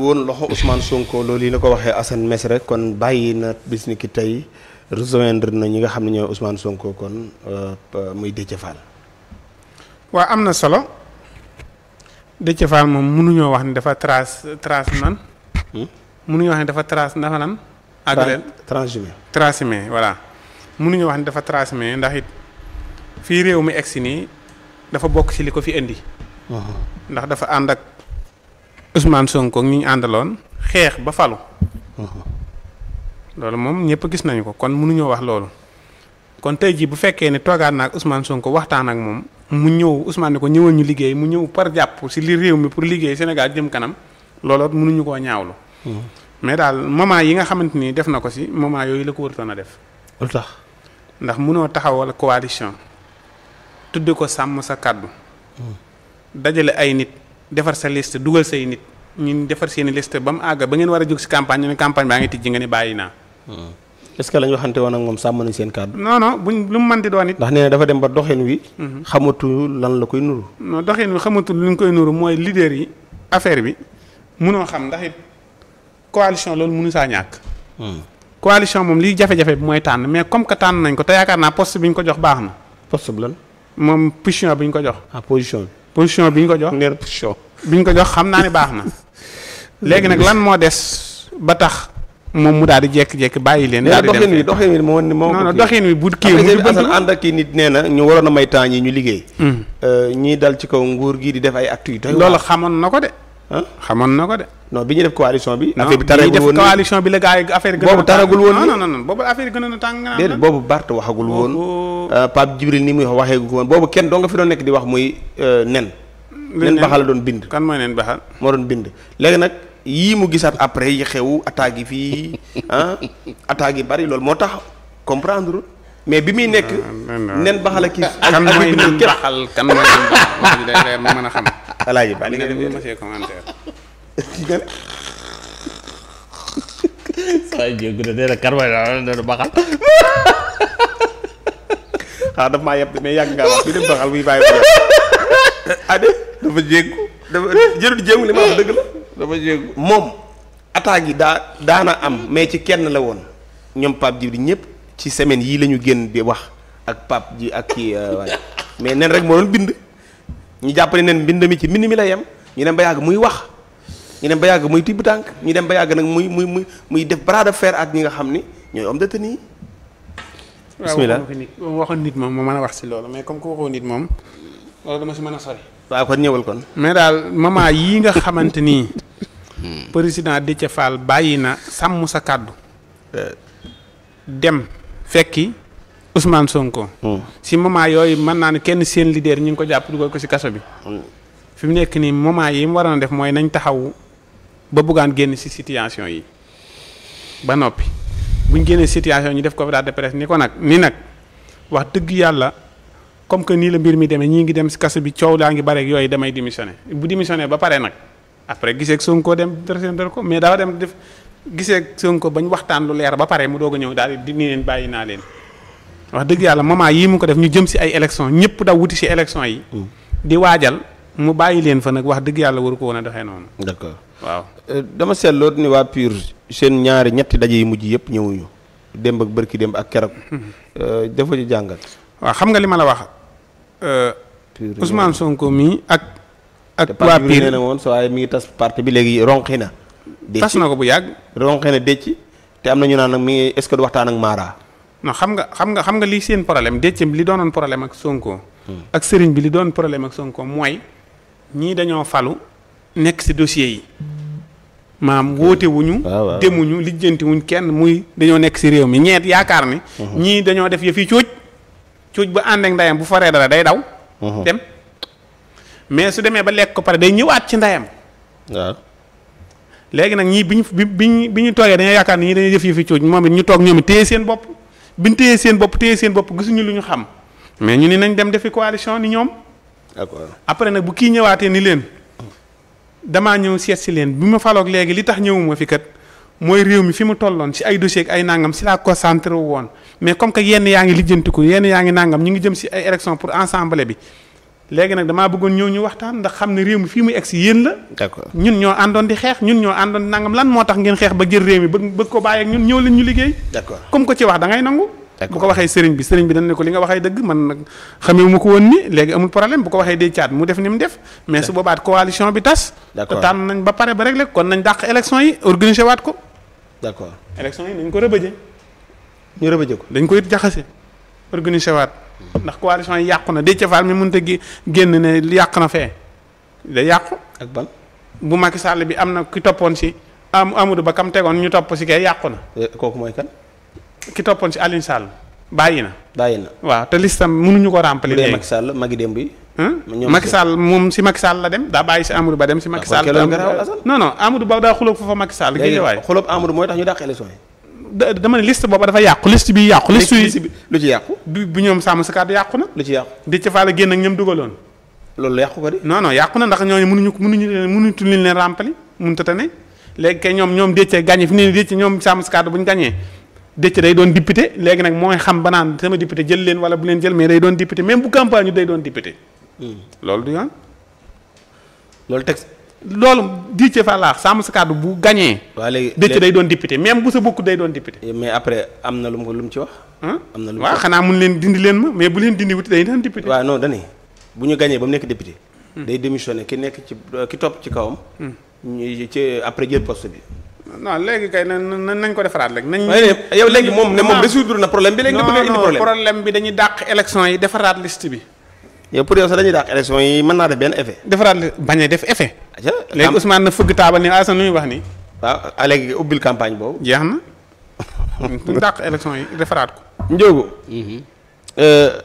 woon loxo Ousmane Sonko loolu yi na ko waxee Assane Mess rek kon bàyyi na bis ni ki tey rejoindre na ñi nga xam ne ñoo Ousmane Sonko kon euh, muy Déthié Fall. waaw am na solo Déthié Fall moom mënuñoo wax ne dafa tras trace nan. mënuñoo hmm? wax ne dafa trace dafa nan. agré transhumé transhumé voilà mënuñoo wax ne dafa transhumé ndax it fii réew mi egsi nii dafa bokk ci li ko fi indi. Uh-huh. ndax dafa ànd ak. Ousmane Sonko ñu ñu àndaloon xeex ba falu uh-huh. loolu moom ñëpp gis nañu ko kon mënuñoo wax loolu kon tey jii bu fekkee ne toogaat naag Ousmane Sonko waxtaan ak moom mu ñëw Ousmane ne ko ñëwal ñu liggéey mu ñëw par jàpp si li réew mi pour liggéey Sénégal jëm kanam looloot mënuñu koo ñaawlu. Uh-huh. mais daal moment yi nga xamante ni def na ko si moment yooyu la ko wërtoon a def. lu tax ndax mënoo taxawal coalition. tudde ko sàmm sa kàddu. Uh-huh. dajale ay nit. defar sa liste dugal say nit ñun defar seeni liste ba mu àgg ba ngeen war a jóg si campagne ñu ne campagne baa ngi tijji nga ne bàyyi naa. Hmm. est-ce que la ñu waxante woon ak moom sàmm nañ seen kàddu. non non buñ lu mu mën di doon it. ndax nee na dafa dem ba doxin wi. Hmm. xamatu lan la koy nuru. non doxin wi xamatu lu ñu koy nuru mooy leader yi affaire bi munoo xam ndax it coalition loolu munu saa ñàkk. Hmm. coalition moom liy jafe-jafe bi mooy tànn mais comme que tànn nañ ko te yaakaar naa poste ko jox baax na. poste bi lan. moom ñu ko jox. ah position bi. position bi ñu ko jox. neer position. biñ ko jox xam naa ne baax na léegi nag lan moo des ba tax moom mu daal di jékki-jékki bàyyi leen. daal di dem doxin wi moo moo non non doxin wi bu kii mu ànd ak kii nit nee ñu waroon a may temps yi ñu liggéey. Mm. Euh, ñii dal ci kaw nguur gi di def ay actes yu doy loolu xamoon na ko de. xamoon na bi ñu def coalition bi. affaire bi taragul woon def bi la a taragul woon non non non boobu affaire gën a tàng. déedéet boobu Bart waxagul woon. Euh, Pape Djibril ni muy waxeegu ko boobu kenn do nga fi nekk di wax muy euh, nen neen baxa la doon bind. kan mooy neen baxa moo doon bind léegi nag yii mu gisaat après yi xewu attaques yi fii ah attaques yi bari loolu moo tax comprendre mais bi muy nekk. nen baxal ak kii. kan mooy nen baxal mën a xam. alaaji ba li nga def monsieur commentaire. ne baxal. bi nen baxal buy dafa jéggu. dafa jërul jéngu li ma moom attaques yi daa daana am mais ci kenn la woon ñoom Pape Djibril ñëpp ci semaine yii lañu génn di wax ak Pape ji ak kii euh, waaye mais nen rek moo doon bind. ñu jàppale ne nen mbind mi ci mbind mi la yem ñu dem ba yàgg muy wax ñu dem ba yàgg muy tibb tànk ñu dem ba yàgg nag muy muy muy muy def bras de fer ak ñi nga xam ni ñooy homme de tenue. bismillah waaw waxoon nit moom moo mën a wax si loolu mais comme ko waxoon nit moom loolu dama si mën a sori. waa kon ñëwal kon. mais daal mama yii nga xamante ni. Hmm. président Déthié Fall bàyyi na sàmm sa kàddu. Euh, dem fekki Ousmane Sonko. Hmm. si moment yooyu mën naa ne kenn seen lider ñu ngi ko jàpp dugal ko si kaso bi. Hmm. fi mu nekk ni moment yi mu waroon def mooy nañ taxaw ba buggaan génn si situation yi ba noppi buñ génnee situation ñu def conférence de presse ni ko nag ni nag wax dëgg yàlla. comme que nii la mbir mi demee ñii ngi dem si kaso bi coow laa ngi bare ak yooyu damay démissionné bu démissionné ba pare nag après giseek ak Sonko dem présenté ko mais dafa dem def gisee ak Sonko bañ waxtaan lu leer ba pare mu doog a ñëw daal di ni bàyyi naa leen wax dëgg yàlla moment yii mu ko def ñu jëm si ay élection ñëpp daw wuti si yi. Mm. di waajal mu bàyyi leen fa nag wax dëgg yàlla waru ko woon a doxee noonu. d'accord waaw. Euh, dama seetloo ni waa PUR seen ñaari ñetti daje yi mujj yëpp ñëwuñu démb ak bërki démb ak keroog. Mm-hmm. Euh, dafa ñu jàngal. waaw xam nga li ma la wax. Euh, Ousmane Sonko mii ak. ak waa Pire te woon soo mi ngi tas parti bi léegi ronqi na. tas na ko bu yàgg. ronqi na dëcc te am na ñu naan ak mi ngi ce que du waxtaan ak Mara. non xam nga xam nga xam nga li seen problème dëcc bi li doonoon problème ak Sonko. Hmm. ak sëriñ bi li doon problème ak Sonko mooy ñii dañoo falu nekk ci dossier yi maam woote wuñu hmm. demuñu lijjanti kenn muy dañoo nekk ci réew mi ñeet yaakaar ni hmm. ñii dañoo def yëf yi cuuj bu ànd ak ndeyam bu foree dara day daw. Mhm. dem mais su demee ba lekk ko pare day ñëwaat ci ndeyam. waaw léegi nag ñii bi ñu bi ñu bi ñu toogee dañoo yaakaar ni ñii dañuy def yëfi cuuj moom it ñu toog ñoom it seen bopp bi ñu téye seen bopp téye seen bopp gisuñu lu ñu xam mais ñu ni nañ dem defi coalition ni ñoom. d'accord après nag bu kii ñëwaatee ni leen damaa ñëw seet si leen bi ma faloog léegi li tax ñëwuma fi kat. mooy réew mi fi mu tolloon si ay dossier ak ay nangam si la concentré woon mais comme que yenn yaa ngi lijjantiku yenn yaa ngi nangam ñu ngi jëm si ay élection pour ensemble bi léegi nag damaa bëggoon ñëw ñu waxtaan ndax xam ne réew mi fi mu egg si yéen la. d'accord ñun ñoo àndoon di xeex ñun ñoo àndoon di nangam lan moo tax ngeen xeex ba jël réew mi bëgg bëgg ko bàyyi ak ñëw leen ñu liggéey. d'accord comme ko ci wax da ngay nangu. bu ko waxee sëriñ bi sëriñ bi dañ ne ko li nga waxee dëgg man nag xamee mu ko woon ni léegi amul problème bu ko waat ko d'accord élection yi nañ ko rëbëje ñu rëbëje ko dañ koy jaxase organiser waat hmm. ndax coalition yi yàqu na Déthié Fall mi mënut a génn ne yàq na fee da yàqu ak ban bu Macky Sall bi am na ki toppoon si am Amadou Ba kam tegoon ñu topp si kay yàqu na eh, kooku mooy kan ki toppoon si Aliou Sall bàyyi na bàyyi na waaw te listam mënuñu ko remplir léegi Macky Sall magi démb yi Hmm? Macky Sall moom si Macky la dem daa bàyyi si Amadou Ba dem si Macky Sall non Ba daa xulóog foofa Macky Sall géej waay xulóog Amadou mooy tax ñu dàq élection yi dama ne liste booba dafa yàqu liste bi yàqu liste yi lu ci yàqu bu ñoom sàmm bu ñu gàñee décce day doon député léegi nag mooy xam banaan sama député jël leen wala bu leen jël mais day doon député même bu campagne day doon député loolu du yoon. loolu teg loolu Déthié Fall laax sàmm sa kàddu bu gañee waa léegi Déthié day doon député même bu sa bokk day doon député. Eh, mais après am na lu mu lu mu ci wax. am na lu mu waaw leen dindi leen mais bu leen dindi wuti day doon député. waaw non dañuy bu ñu nekk député. day démissionné ki nekk ci euh, ki topp ci kawam. Hmm. ñu ci après jël poste bi. non léegi kay nañ nañ ko defaraat rek. nañ yow léegi moom ne moom résoudre na problème bi a indi problème. problème bi dañuy dàq élection yi defaraat liste bi. yow pour yow sax dañuy dàq élection yi mën naa def benn effet. defaraat bañ a def effet. Ah, léegi Ousmane na fëgg taabal ni Assane lu ñuy wax nii. waaw ah, ah, léegi ubbil campagne boobu. jeex na. dàq élection yi defaraat ko. Ndiogou. Mhm. Euh,